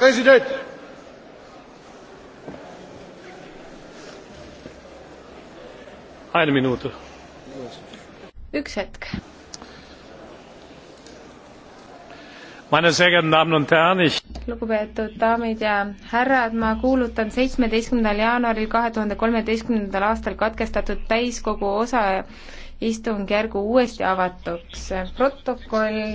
Präsident! Eine Minute. Üks hetk. Meine sehr geehrten Damen und Herren, ich lugupeetud daamid ja härrad, ma kuulutan seitsmeteistkümnendal jaanuaril kahe tuhande kolmeteistkümnendal aastal katkestatud täiskogu osa istungjärgu uuesti avatuks. protokoll ja